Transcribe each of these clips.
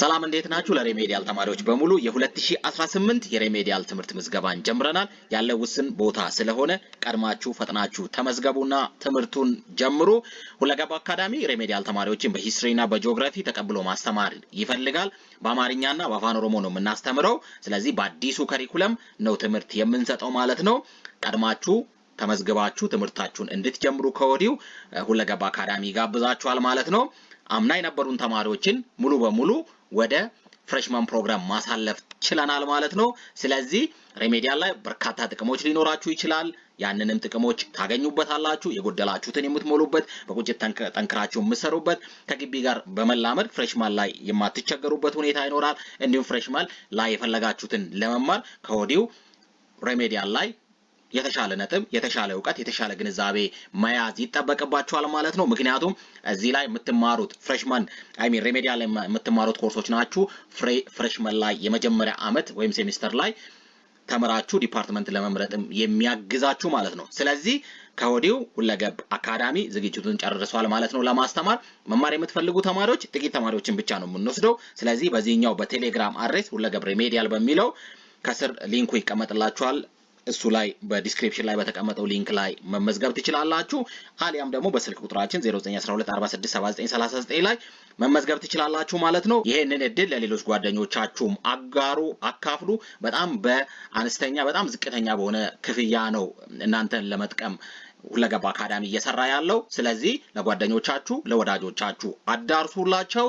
ሰላም እንዴት ናችሁ? ለሬሜዲያል ተማሪዎች በሙሉ የ2018 የሬሜዲያል ትምህርት ምዝገባን ጀምረናል። ያለ ውስን ቦታ ስለሆነ ቀድማችሁ ፈጥናችሁ ተመዝገቡና ትምህርቱን ጀምሩ። ሁለገብ አካዳሚ ሬሜዲያል ተማሪዎችን በሂስትሪና በጂኦግራፊ ተቀብሎ ማስተማር ይፈልጋል። በአማርኛና በአፋን ኦሮሞ ነው የምናስተምረው። ስለዚህ በአዲሱ ከሪኩለም ነው ትምህርት የምንሰጠው ማለት ነው። ቀድማችሁ ተመዝግባችሁ ትምህርታችሁን እንድትጀምሩ ከወዲሁ ሁለገባ አካዳሚ ጋብዛችኋል ማለት ነው። አምና የነበሩን ተማሪዎችን ሙሉ በሙሉ ወደ ፍሬሽማን ፕሮግራም ማሳለፍ ችለናል ማለት ነው። ስለዚህ ሬሜዲያል ላይ በርካታ ጥቅሞች ሊኖራችሁ ይችላል። ያንንም ጥቅሞች ታገኙበታላችሁ። የጎደላችሁትን የምትሞሉበት፣ በቁጭት ጠንክራችሁ የምትሰሩበት፣ ከግቢ ጋር በመላመድ ፍሬሽማን ላይ የማትቸገሩበት ሁኔታ ይኖራል። እንዲሁም ፍሬሽማን ላይ የፈለጋችሁትን ለመማር ከወዲሁ ሬሜዲያል ላይ የተሻለ ነጥብ፣ የተሻለ እውቀት፣ የተሻለ ግንዛቤ መያዝ ይጠበቅባቸዋል ማለት ነው። ምክንያቱም እዚህ ላይ የምትማሩት ፍሬሽመን አይሚን ሬሜዲያ ላይ የምትማሩት ኮርሶች ናችሁ። ፍሬሽመን ላይ የመጀመሪያ ዓመት ወይም ሴሚስተር ላይ ተምራችሁ ዲፓርትመንት ለመምረጥም የሚያግዛችሁ ማለት ነው። ስለዚህ ከወዲሁ ሁለገብ አካዳሚ ዝግጅቱን ጨርሷል ማለት ነው። ለማስተማር መማር የምትፈልጉ ተማሪዎች ጥቂት ተማሪዎችን ብቻ ነው የምንወስደው። ስለዚህ በዚህኛው በቴሌግራም አድሬስ ሁለገብ ሬሜዲያል በሚለው ከስር ሊንኩ ይቀመጥላችኋል። እሱ ላይ በዲስክሪፕሽን ላይ በተቀመጠው ሊንክ ላይ መመዝገብ ትችላላችሁ። አሊያም ደግሞ በስልክ ቁጥራችን 0912467939 ላይ መመዝገብ ትችላላችሁ ማለት ነው። ይህንን እድል ለሌሎች ጓደኞቻችሁም አጋሩ፣ አካፍሉ። በጣም በአነስተኛ በጣም ዝቅተኛ በሆነ ክፍያ ነው እናንተን ለመጥቀም ሁለገባ አካዳሚ እየሰራ ያለው። ስለዚህ ለጓደኞቻችሁ ለወዳጆቻችሁ አዳርሱላቸው።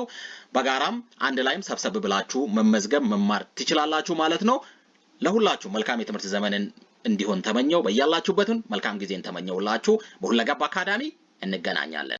በጋራም አንድ ላይም ሰብሰብ ብላችሁ መመዝገብ መማር ትችላላችሁ ማለት ነው። ለሁላችሁ መልካም የትምህርት ዘመንን እንዲሆን ተመኘው። በያላችሁበትን መልካም ጊዜን ተመኘውላችሁ። በሁለገብ አካዳሚ እንገናኛለን።